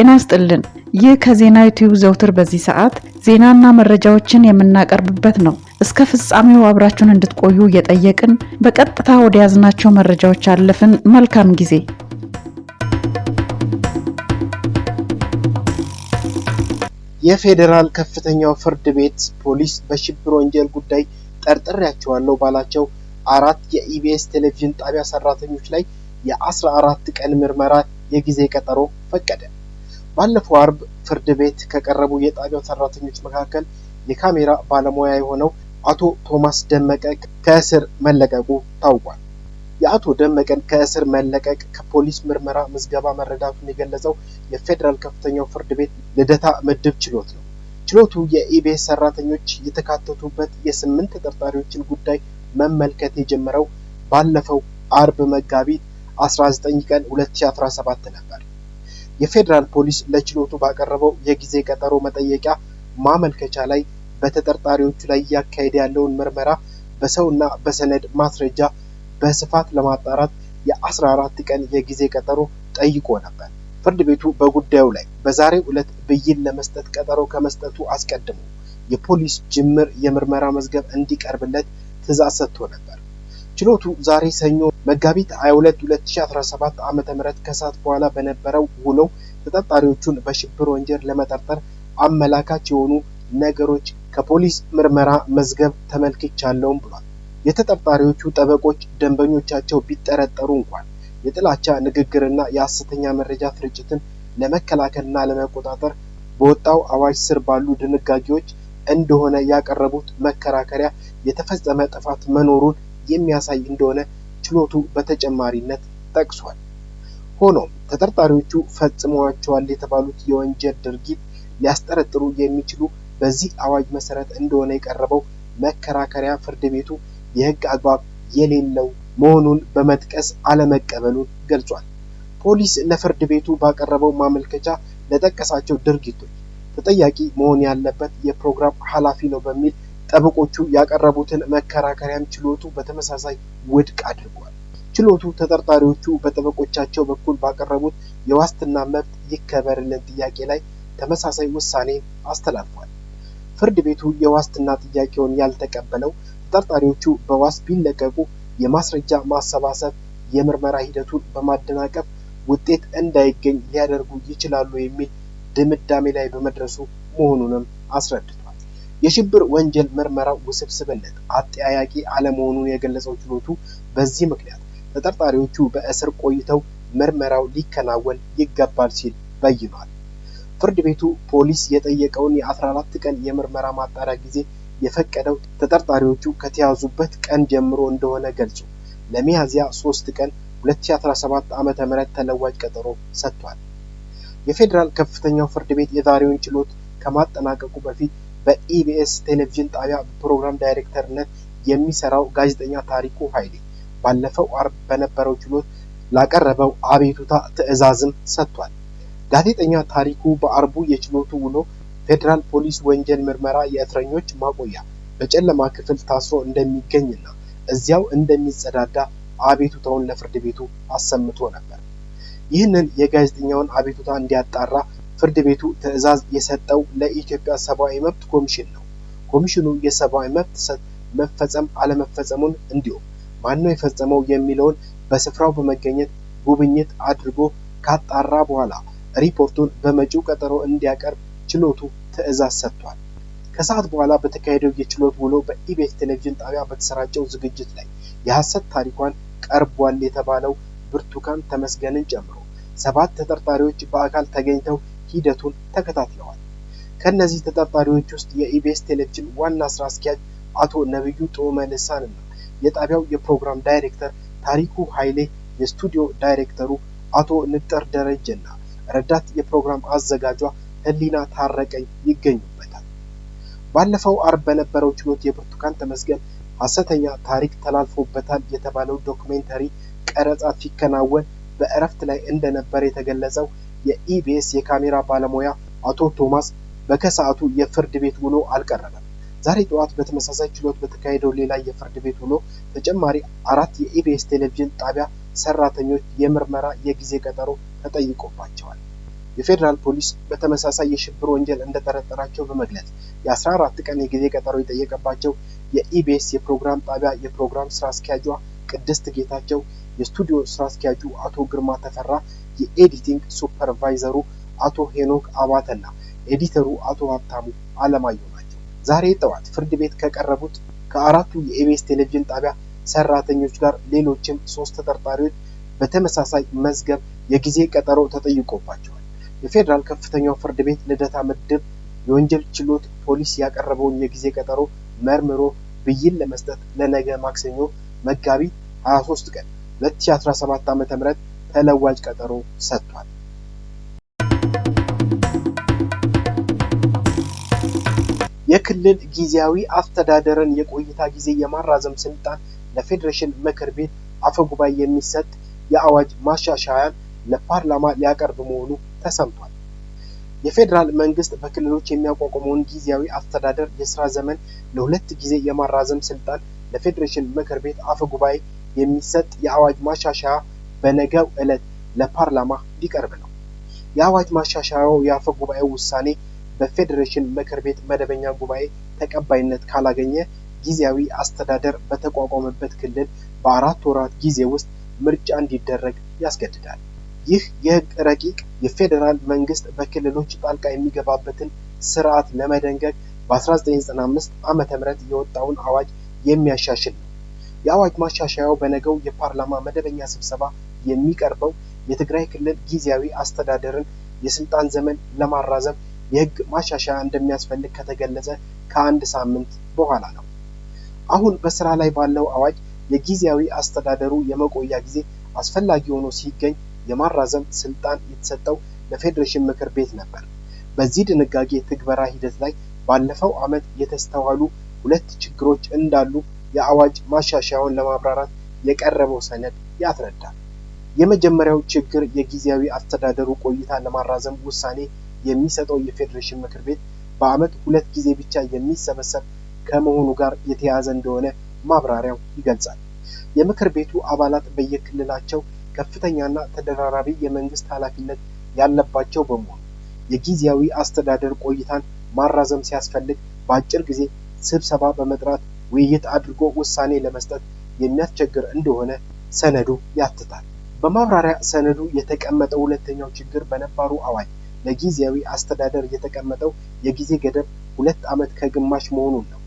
ጤና ይስጥልን። ይህ ከዜና ዩቲዩብ ዘውትር በዚህ ሰዓት ዜናና መረጃዎችን የምናቀርብበት ነው። እስከ ፍጻሜው አብራችሁን እንድትቆዩ እየጠየቅን በቀጥታ ወደ ያዝናቸው መረጃዎች አለፍን። መልካም ጊዜ። የፌዴራል ከፍተኛው ፍርድ ቤት ፖሊስ በሽብር ወንጀል ጉዳይ ጠርጥሬያቸዋለሁ ባላቸው አራት የኢቢኤስ ቴሌቪዥን ጣቢያ ሰራተኞች ላይ የ14 ቀን ምርመራ የጊዜ ቀጠሮ ፈቀደ። ባለፈው አርብ ፍርድ ቤት ከቀረቡ የጣቢያው ሰራተኞች መካከል የካሜራ ባለሙያ የሆነው አቶ ቶማስ ደመቀ ከእስር መለቀቁ ታውቋል። የአቶ ደመቀን ከእስር መለቀቅ ከፖሊስ ምርመራ ምዝገባ መረዳቱን የገለጸው የፌዴራል ከፍተኛው ፍርድ ቤት ልደታ ምድብ ችሎት ነው። ችሎቱ የኢቢኤስ ሰራተኞች የተካተቱበት የስምንት ተጠርጣሪዎችን ጉዳይ መመልከት የጀመረው ባለፈው አርብ መጋቢት 19 ቀን 2017 ነበር። የፌዴራል ፖሊስ ለችሎቱ ባቀረበው የጊዜ ቀጠሮ መጠየቂያ ማመልከቻ ላይ በተጠርጣሪዎቹ ላይ እያካሄደ ያለውን ምርመራ በሰውና በሰነድ ማስረጃ በስፋት ለማጣራት የ14 ቀን የጊዜ ቀጠሮ ጠይቆ ነበር። ፍርድ ቤቱ በጉዳዩ ላይ በዛሬው ዕለት ብይን ለመስጠት ቀጠሮ ከመስጠቱ አስቀድሞ የፖሊስ ጅምር የምርመራ መዝገብ እንዲቀርብለት ትዕዛዝ ሰጥቶ ነበር። ችሎቱ ዛሬ ሰኞ መጋቢት 22 2017 ዓ.ም ከሰዓት በኋላ በነበረው ውሎ ተጠርጣሪዎቹን በሽብር ወንጀል ለመጠርጠር አመላካች የሆኑ ነገሮች ከፖሊስ ምርመራ መዝገብ ተመልክቻለሁም ብሏል። የተጠርጣሪዎቹ ጠበቆች ደንበኞቻቸው ቢጠረጠሩ እንኳን የጥላቻ ንግግርና የሐሰተኛ መረጃ ስርጭትን ለመከላከልና ለመቆጣጠር በወጣው አዋጅ ስር ባሉ ድንጋጌዎች እንደሆነ ያቀረቡት መከራከሪያ የተፈጸመ ጥፋት መኖሩን የሚያሳይ እንደሆነ ችሎቱ በተጨማሪነት ጠቅሷል። ሆኖም ተጠርጣሪዎቹ ፈጽመዋቸዋል የተባሉት የወንጀል ድርጊት ሊያስጠረጥሩ የሚችሉ በዚህ አዋጅ መሰረት እንደሆነ የቀረበው መከራከሪያ ፍርድ ቤቱ የህግ አግባብ የሌለው መሆኑን በመጥቀስ አለመቀበሉን ገልጿል። ፖሊስ ለፍርድ ቤቱ ባቀረበው ማመልከቻ ለጠቀሳቸው ድርጊቶች ተጠያቂ መሆን ያለበት የፕሮግራም ኃላፊ ነው በሚል ጠበቆቹ ያቀረቡትን መከራከሪያም ችሎቱ በተመሳሳይ ውድቅ አድርጓል። ችሎቱ ተጠርጣሪዎቹ በጠበቆቻቸው በኩል ባቀረቡት የዋስትና መብት ይከበርልን ጥያቄ ላይ ተመሳሳይ ውሳኔ አስተላልፏል። ፍርድ ቤቱ የዋስትና ጥያቄውን ያልተቀበለው ተጠርጣሪዎቹ በዋስ ቢለቀቁ የማስረጃ ማሰባሰብ የምርመራ ሂደቱን በማደናቀፍ ውጤት እንዳይገኝ ሊያደርጉ ይችላሉ የሚል ድምዳሜ ላይ በመድረሱ መሆኑንም አስረድቷል። የሽብር ወንጀል ምርመራው ውስብስብነት አጠያያቂ አለመሆኑን የገለጸው ችሎቱ በዚህ ምክንያት ተጠርጣሪዎቹ በእስር ቆይተው ምርመራው ሊከናወን ይገባል ሲል በይኗል። ፍርድ ቤቱ ፖሊስ የጠየቀውን የ14 ቀን የምርመራ ማጣሪያ ጊዜ የፈቀደው ተጠርጣሪዎቹ ከተያዙበት ቀን ጀምሮ እንደሆነ ገልጾ ለሚያዝያ 3 ቀን 2017 ዓ.ም ተለዋጭ ቀጠሮ ሰጥቷል። የፌዴራል ከፍተኛው ፍርድ ቤት የዛሬውን ችሎት ከማጠናቀቁ በፊት በኢቢኤስ ቴሌቪዥን ጣቢያ ፕሮግራም ዳይሬክተርነት የሚሰራው ጋዜጠኛ ታሪኩ ኃይሌ ባለፈው አርብ በነበረው ችሎት ላቀረበው አቤቱታ ትዕዛዝም ሰጥቷል። ጋዜጠኛ ታሪኩ በአርቡ የችሎቱ ውሎ ፌዴራል ፖሊስ ወንጀል ምርመራ የእስረኞች ማቆያ በጨለማ ክፍል ታስሮ እንደሚገኝና እዚያው እንደሚጸዳዳ አቤቱታውን ለፍርድ ቤቱ አሰምቶ ነበር። ይህንን የጋዜጠኛውን አቤቱታ እንዲያጣራ ፍርድ ቤቱ ትዕዛዝ የሰጠው ለኢትዮጵያ ሰብአዊ መብት ኮሚሽን ነው። ኮሚሽኑ የሰብአዊ መብት መፈጸም አለመፈጸሙን እንዲሁም ማነው የፈጸመው የሚለውን በስፍራው በመገኘት ጉብኝት አድርጎ ካጣራ በኋላ ሪፖርቱን በመጪው ቀጠሮ እንዲያቀርብ ችሎቱ ትዕዛዝ ሰጥቷል። ከሰዓት በኋላ በተካሄደው የችሎት ውሎ በኢቢኤስ ቴሌቪዥን ጣቢያ በተሰራጨው ዝግጅት ላይ የሐሰት ታሪኳን ቀርቧል የተባለው ብርቱካን ተመስገንን ጨምሮ ሰባት ተጠርጣሪዎች በአካል ተገኝተው ሂደቱን ተከታትለዋል። ከእነዚህ ተጠርጣሪዎች ውስጥ የኢቢኤስ ቴሌቪዥን ዋና ስራ አስኪያጅ አቶ ነብዩ ጦመ ልሳን እና የጣቢያው የፕሮግራም ዳይሬክተር ታሪኩ ኃይሌ፣ የስቱዲዮ ዳይሬክተሩ አቶ ንጠር ደረጀ እና ረዳት የፕሮግራም አዘጋጇ ህሊና ታረቀኝ ይገኙበታል። ባለፈው አርብ በነበረው ችሎት የብርቱካን ተመስገን ሐሰተኛ ታሪክ ተላልፎበታል የተባለው ዶክሜንተሪ ቀረጻ ሲከናወን በእረፍት ላይ እንደነበር የተገለጸው የኢቢኤስ የካሜራ ባለሙያ አቶ ቶማስ በከሰዓቱ የፍርድ ቤት ውሎ አልቀረበም። ዛሬ ጠዋት በተመሳሳይ ችሎት በተካሄደው ሌላ የፍርድ ቤት ውሎ ተጨማሪ አራት የኢቢኤስ ቴሌቪዥን ጣቢያ ሰራተኞች የምርመራ የጊዜ ቀጠሮ ተጠይቆባቸዋል። የፌዴራል ፖሊስ በተመሳሳይ የሽብር ወንጀል እንደጠረጠራቸው በመግለጽ የ14 ቀን የጊዜ ቀጠሮ የጠየቀባቸው የኢቢኤስ የፕሮግራም ጣቢያ የፕሮግራም ስራ አስኪያጇ ቅድስት ጌታቸው፣ የስቱዲዮ ስራ አስኪያጁ አቶ ግርማ ተፈራ፣ የኤዲቲንግ ሱፐርቫይዘሩ አቶ ሄኖክ አባተና ኤዲተሩ አቶ ሀብታሙ አለማየሁ ናቸው። ዛሬ ጠዋት ፍርድ ቤት ከቀረቡት ከአራቱ የኢቢኤስ ቴሌቪዥን ጣቢያ ሰራተኞች ጋር ሌሎችም ሶስት ተጠርጣሪዎች በተመሳሳይ መዝገብ የጊዜ ቀጠሮ ተጠይቆባቸዋል። የፌዴራል ከፍተኛው ፍርድ ቤት ልደታ ምድብ የወንጀል ችሎት ፖሊስ ያቀረበውን የጊዜ ቀጠሮ መርምሮ ብይን ለመስጠት ለነገ ማክሰኞ መጋቢት 23 ቀን 2017 ዓ.ም ተለዋጭ ቀጠሮ ሰጥቷል። የክልል ጊዜያዊ አስተዳደርን የቆይታ ጊዜ የማራዘም ስልጣን ለፌዴሬሽን ምክር ቤት አፈ ጉባኤ የሚሰጥ የአዋጅ ማሻሻያን ለፓርላማ ሊያቀርብ መሆኑ ተሰምቷል። የፌዴራል መንግስት በክልሎች የሚያቋቁመውን ጊዜያዊ አስተዳደር የስራ ዘመን ለሁለት ጊዜ የማራዘም ስልጣን ለፌዴሬሽን ምክር ቤት አፈ ጉባኤ የሚሰጥ የአዋጅ ማሻሻያ በነገው ዕለት ለፓርላማ ሊቀርብ ነው። የአዋጅ ማሻሻያው የአፈ ጉባኤው ውሳኔ በፌዴሬሽን ምክር ቤት መደበኛ ጉባኤ ተቀባይነት ካላገኘ ጊዜያዊ አስተዳደር በተቋቋመበት ክልል በአራት ወራት ጊዜ ውስጥ ምርጫ እንዲደረግ ያስገድዳል። ይህ የህግ ረቂቅ የፌዴራል መንግስት በክልሎች ጣልቃ የሚገባበትን ስርዓት ለመደንገግ በ1995 ዓ ም የወጣውን አዋጅ የሚያሻሽል ነው። የአዋጅ ማሻሻያው በነገው የፓርላማ መደበኛ ስብሰባ የሚቀርበው የትግራይ ክልል ጊዜያዊ አስተዳደርን የስልጣን ዘመን ለማራዘም የህግ ማሻሻያ እንደሚያስፈልግ ከተገለጸ ከአንድ ሳምንት በኋላ ነው። አሁን በስራ ላይ ባለው አዋጅ የጊዜያዊ አስተዳደሩ የመቆያ ጊዜ አስፈላጊ ሆኖ ሲገኝ የማራዘም ስልጣን የተሰጠው ለፌዴሬሽን ምክር ቤት ነበር። በዚህ ድንጋጌ ትግበራ ሂደት ላይ ባለፈው ዓመት የተስተዋሉ ሁለት ችግሮች እንዳሉ የአዋጅ ማሻሻያውን ለማብራራት የቀረበው ሰነድ ያስረዳል። የመጀመሪያው ችግር የጊዜያዊ አስተዳደሩ ቆይታ ለማራዘም ውሳኔ የሚሰጠው የፌዴሬሽን ምክር ቤት በዓመት ሁለት ጊዜ ብቻ የሚሰበሰብ ከመሆኑ ጋር የተያያዘ እንደሆነ ማብራሪያው ይገልጻል። የምክር ቤቱ አባላት በየክልላቸው ከፍተኛና ተደራራቢ የመንግስት ኃላፊነት ያለባቸው በመሆኑ የጊዜያዊ አስተዳደር ቆይታን ማራዘም ሲያስፈልግ በአጭር ጊዜ ስብሰባ በመጥራት ውይይት አድርጎ ውሳኔ ለመስጠት የሚያስቸግር እንደሆነ ሰነዱ ያትታል። በማብራሪያ ሰነዱ የተቀመጠው ሁለተኛው ችግር በነባሩ አዋጅ ለጊዜያዊ አስተዳደር የተቀመጠው የጊዜ ገደብ ሁለት ዓመት ከግማሽ መሆኑን ነው።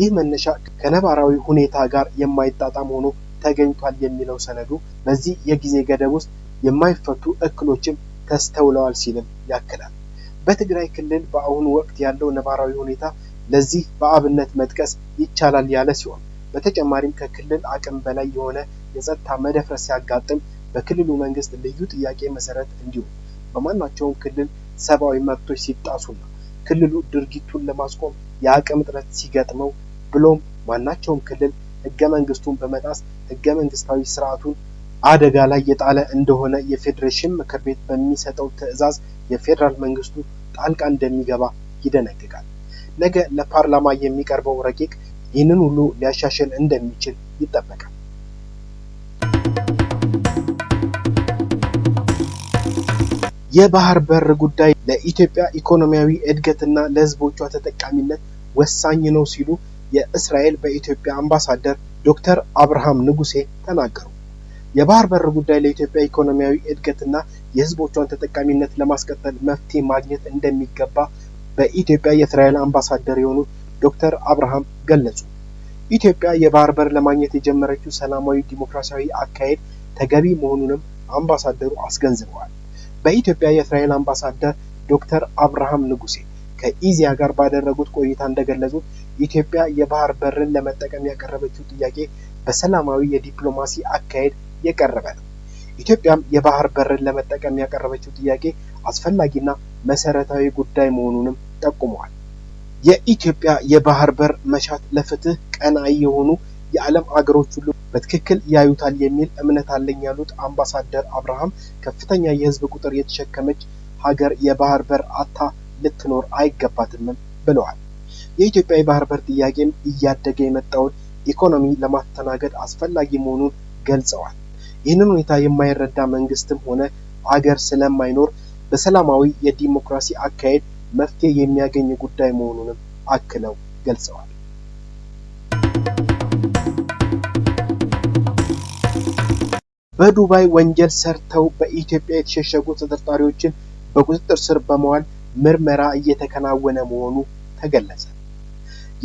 ይህ መነሻ ከነባራዊ ሁኔታ ጋር የማይጣጣም ሆኖ ተገኝቷል የሚለው ሰነዱ በዚህ የጊዜ ገደብ ውስጥ የማይፈቱ እክሎችም ተስተውለዋል ሲልም ያክላል። በትግራይ ክልል በአሁኑ ወቅት ያለው ነባራዊ ሁኔታ ለዚህ በአብነት መጥቀስ ይቻላል ያለ ሲሆን በተጨማሪም ከክልል አቅም በላይ የሆነ የጸጥታ መደፍረስ ሲያጋጥም በክልሉ መንግስት ልዩ ጥያቄ መሰረት እንዲሁም በማናቸውም ክልል ሰብአዊ መብቶች ሲጣሱና ክልሉ ድርጊቱን ለማስቆም የአቅም እጥረት ሲገጥመው ብሎም ማናቸውም ክልል ህገ መንግስቱን በመጣስ ህገ መንግስታዊ ስርዓቱን አደጋ ላይ የጣለ እንደሆነ የፌዴሬሽን ምክር ቤት በሚሰጠው ትዕዛዝ የፌዴራል መንግስቱ ጣልቃ እንደሚገባ ይደነግጋል። ነገ ለፓርላማ የሚቀርበው ረቂቅ ይህንን ሁሉ ሊያሻሽል እንደሚችል ይጠበቃል። የባህር በር ጉዳይ ለኢትዮጵያ ኢኮኖሚያዊ እድገትና ለህዝቦቿ ተጠቃሚነት ወሳኝ ነው ሲሉ የእስራኤል በኢትዮጵያ አምባሳደር ዶክተር አብርሃም ንጉሴ ተናገሩ። የባህር በር ጉዳይ ለኢትዮጵያ ኢኮኖሚያዊ እድገትና የህዝቦቿን ተጠቃሚነት ለማስቀጠል መፍትሄ ማግኘት እንደሚገባ በኢትዮጵያ የእስራኤል አምባሳደር የሆኑት ዶክተር አብርሃም ገለጹ። ኢትዮጵያ የባህር በር ለማግኘት የጀመረችው ሰላማዊ ዲሞክራሲያዊ አካሄድ ተገቢ መሆኑንም አምባሳደሩ አስገንዝበዋል። በኢትዮጵያ የእስራኤል አምባሳደር ዶክተር አብርሃም ንጉሴ ከኢዚያ ጋር ባደረጉት ቆይታ እንደገለጹት ኢትዮጵያ የባህር በርን ለመጠቀም ያቀረበችው ጥያቄ በሰላማዊ የዲፕሎማሲ አካሄድ የቀረበ ነው። ኢትዮጵያም የባህር በርን ለመጠቀም ያቀረበችው ጥያቄ አስፈላጊና መሰረታዊ ጉዳይ መሆኑንም ጠቁመዋል። የኢትዮጵያ የባህር በር መሻት ለፍትህ ቀናይ የሆኑ የዓለም አገሮች ሁሉ በትክክል ያዩታል የሚል እምነት አለኝ ያሉት አምባሳደር አብርሃም ከፍተኛ የህዝብ ቁጥር የተሸከመች ሀገር የባህር በር አታ ልትኖር አይገባትምም ብለዋል። የኢትዮጵያ የባህር በር ጥያቄም እያደገ የመጣውን ኢኮኖሚ ለማስተናገድ አስፈላጊ መሆኑን ገልጸዋል። ይህንን ሁኔታ የማይረዳ መንግስትም ሆነ አገር ስለማይኖር በሰላማዊ የዲሞክራሲ አካሄድ መፍትሄ የሚያገኝ ጉዳይ መሆኑንም አክለው ገልጸዋል። በዱባይ ወንጀል ሰርተው በኢትዮጵያ የተሸሸጉ ተጠርጣሪዎችን በቁጥጥር ስር በመዋል ምርመራ እየተከናወነ መሆኑ ተገለጸ።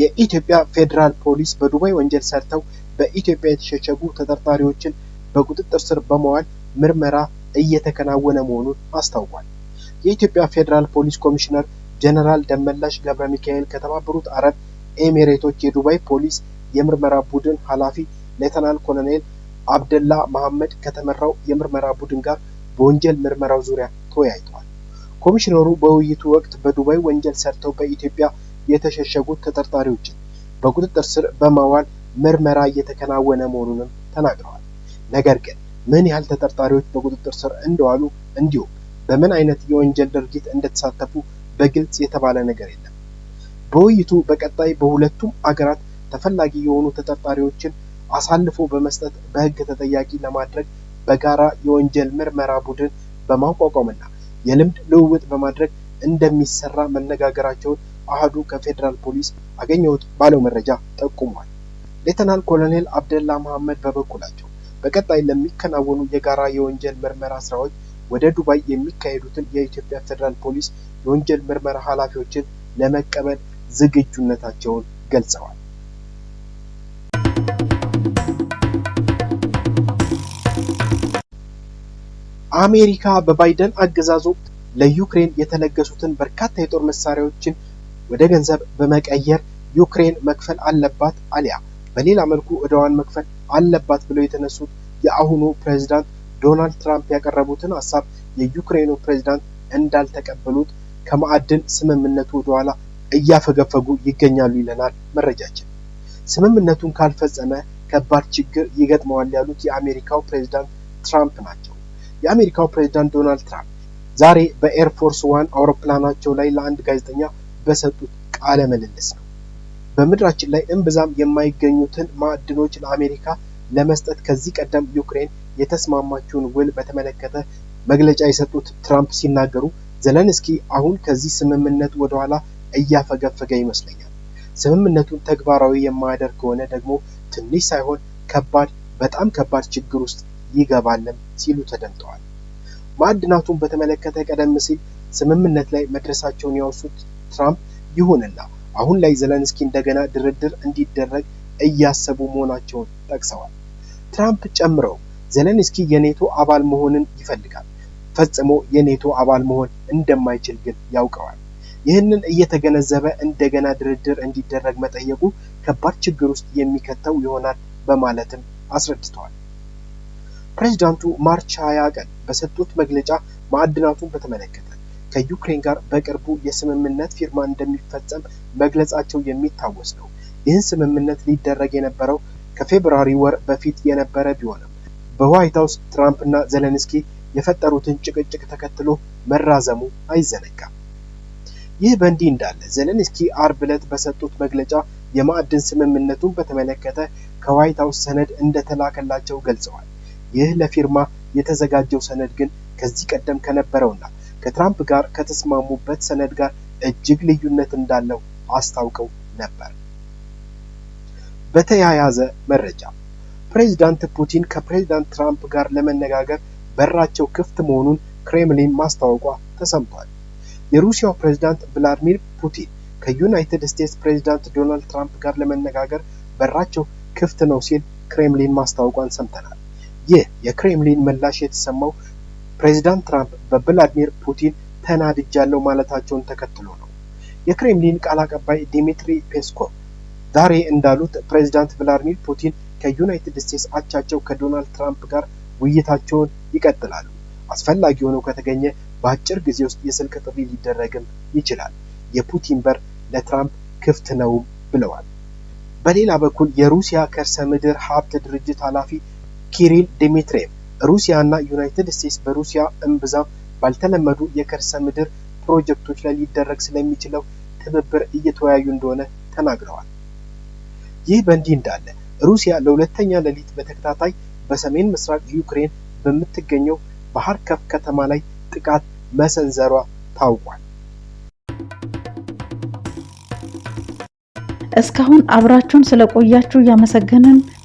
የኢትዮጵያ ፌዴራል ፖሊስ በዱባይ ወንጀል ሰርተው በኢትዮጵያ የተሸሸጉ ተጠርጣሪዎችን በቁጥጥር ስር በመዋል ምርመራ እየተከናወነ መሆኑን አስታውቋል። የኢትዮጵያ ፌዴራል ፖሊስ ኮሚሽነር ጀነራል ደመላሽ ገብረ ሚካኤል ከተባበሩት አረብ ኤሚሬቶች የዱባይ ፖሊስ የምርመራ ቡድን ኃላፊ ሌተናል ኮሎኔል አብደላ መሐመድ ከተመራው የምርመራ ቡድን ጋር በወንጀል ምርመራው ዙሪያ ተወያይተዋል። ኮሚሽነሩ በውይይቱ ወቅት በዱባይ ወንጀል ሰርተው በኢትዮጵያ የተሸሸጉ ተጠርጣሪዎችን በቁጥጥር ስር በማዋል ምርመራ እየተከናወነ መሆኑንም ተናግረዋል። ነገር ግን ምን ያህል ተጠርጣሪዎች በቁጥጥር ስር እንደዋሉ እንዲሁም በምን አይነት የወንጀል ድርጊት እንደተሳተፉ በግልጽ የተባለ ነገር የለም። በውይይቱ በቀጣይ በሁለቱም አገራት ተፈላጊ የሆኑ ተጠርጣሪዎችን አሳልፎ በመስጠት በህግ ተጠያቂ ለማድረግ በጋራ የወንጀል ምርመራ ቡድን በማቋቋምና የልምድ ልውውጥ በማድረግ እንደሚሰራ መነጋገራቸውን አህዱ ከፌዴራል ፖሊስ አገኘሁት ባለው መረጃ ጠቁሟል። ሌተናል ኮሎኔል አብደላ መሐመድ በበኩላቸው በቀጣይ ለሚከናወኑ የጋራ የወንጀል ምርመራ ስራዎች ወደ ዱባይ የሚካሄዱትን የኢትዮጵያ ፌዴራል ፖሊስ የወንጀል ምርመራ ኃላፊዎችን ለመቀበል ዝግጁነታቸውን ገልጸዋል። አሜሪካ በባይደን አገዛዝ ወቅት ለዩክሬን የተለገሱትን በርካታ የጦር መሳሪያዎችን ወደ ገንዘብ በመቀየር ዩክሬን መክፈል አለባት አሊያ በሌላ መልኩ እደዋን መክፈል አለባት ብለው የተነሱት የአሁኑ ፕሬዝዳንት ዶናልድ ትራምፕ ያቀረቡትን ሀሳብ የዩክሬኑ ፕሬዝዳንት እንዳልተቀበሉት ከማዕድን ስምምነቱ ወደኋላ እያፈገፈጉ ይገኛሉ ይለናል መረጃችን። ስምምነቱን ካልፈጸመ ከባድ ችግር ይገጥመዋል ያሉት የአሜሪካው ፕሬዝዳንት ትራምፕ ናቸው። የአሜሪካው ፕሬዚዳንት ዶናልድ ትራምፕ ዛሬ በኤርፎርስ ዋን አውሮፕላናቸው ላይ ለአንድ ጋዜጠኛ በሰጡት ቃለ ምልልስ ነው። በምድራችን ላይ እምብዛም የማይገኙትን ማዕድኖች ለአሜሪካ ለመስጠት ከዚህ ቀደም ዩክሬን የተስማማችውን ውል በተመለከተ መግለጫ የሰጡት ትራምፕ ሲናገሩ ዘለንስኪ አሁን ከዚህ ስምምነት ወደኋላ እያፈገፈገ ይመስለኛል። ስምምነቱን ተግባራዊ የማያደርግ ከሆነ ደግሞ ትንሽ ሳይሆን ከባድ፣ በጣም ከባድ ችግር ውስጥ ይገባልም ሲሉ ተደምጠዋል። ማዕድናቱን በተመለከተ ቀደም ሲል ስምምነት ላይ መድረሳቸውን ያወሱት ትራምፕ ይሁንና አሁን ላይ ዘለንስኪ እንደገና ድርድር እንዲደረግ እያሰቡ መሆናቸውን ጠቅሰዋል። ትራምፕ ጨምረው ዘለንስኪ የኔቶ አባል መሆንን ይፈልጋል፣ ፈጽሞ የኔቶ አባል መሆን እንደማይችል ግን ያውቀዋል። ይህንን እየተገነዘበ እንደገና ድርድር እንዲደረግ መጠየቁ ከባድ ችግር ውስጥ የሚከተው ይሆናል በማለትም አስረድተዋል። ፕሬዚዳንቱ ማርች 20 ቀን በሰጡት መግለጫ ማዕድናቱን በተመለከተ ከዩክሬን ጋር በቅርቡ የስምምነት ፊርማ እንደሚፈጸም መግለጻቸው የሚታወስ ነው። ይህን ስምምነት ሊደረግ የነበረው ከፌብራሪ ወር በፊት የነበረ ቢሆንም በዋይት ሀውስ ትራምፕ እና ዘለንስኪ የፈጠሩትን ጭቅጭቅ ተከትሎ መራዘሙ አይዘነጋም። ይህ በእንዲህ እንዳለ ዘለንስኪ አርብ ዕለት በሰጡት መግለጫ የማዕድን ስምምነቱን በተመለከተ ከዋይት ሀውስ ሰነድ እንደተላከላቸው ገልጸዋል። ይህ ለፊርማ የተዘጋጀው ሰነድ ግን ከዚህ ቀደም ከነበረውና ከትራምፕ ጋር ከተስማሙበት ሰነድ ጋር እጅግ ልዩነት እንዳለው አስታውቀው ነበር። በተያያዘ መረጃ ፕሬዚዳንት ፑቲን ከፕሬዚዳንት ትራምፕ ጋር ለመነጋገር በራቸው ክፍት መሆኑን ክሬምሊን ማስታወቋ ተሰምቷል። የሩሲያው ፕሬዚዳንት ቭላድሚር ፑቲን ከዩናይትድ ስቴትስ ፕሬዚዳንት ዶናልድ ትራምፕ ጋር ለመነጋገር በራቸው ክፍት ነው ሲል ክሬምሊን ማስታወቋን ሰምተናል። ይህ የክሬምሊን ምላሽ የተሰማው ፕሬዚዳንት ትራምፕ በቭላዲሚር ፑቲን ተናድጃለሁ ማለታቸውን ተከትሎ ነው። የክሬምሊን ቃል አቀባይ ዲሚትሪ ፔስኮቭ ዛሬ እንዳሉት ፕሬዚዳንት ቭላዲሚር ፑቲን ከዩናይትድ ስቴትስ አቻቸው ከዶናልድ ትራምፕ ጋር ውይይታቸውን ይቀጥላሉ። አስፈላጊ ሆኖ ከተገኘ በአጭር ጊዜ ውስጥ የስልክ ጥሪ ሊደረግም ይችላል። የፑቲን በር ለትራምፕ ክፍት ነው ብለዋል። በሌላ በኩል የሩሲያ ከርሰ ምድር ሀብት ድርጅት ኃላፊ ኪሪል ዲሚትሬቭ ሩሲያ እና ዩናይትድ ስቴትስ በሩሲያ እምብዛም ባልተለመዱ የከርሰ ምድር ፕሮጀክቶች ላይ ሊደረግ ስለሚችለው ትብብር እየተወያዩ እንደሆነ ተናግረዋል። ይህ በእንዲህ እንዳለ ሩሲያ ለሁለተኛ ሌሊት በተከታታይ በሰሜን ምስራቅ ዩክሬን በምትገኘው በሀርከፍ ከተማ ላይ ጥቃት መሰንዘሯ ታውቋል። እስካሁን አብራችሁን ስለቆያችሁ እያመሰገንን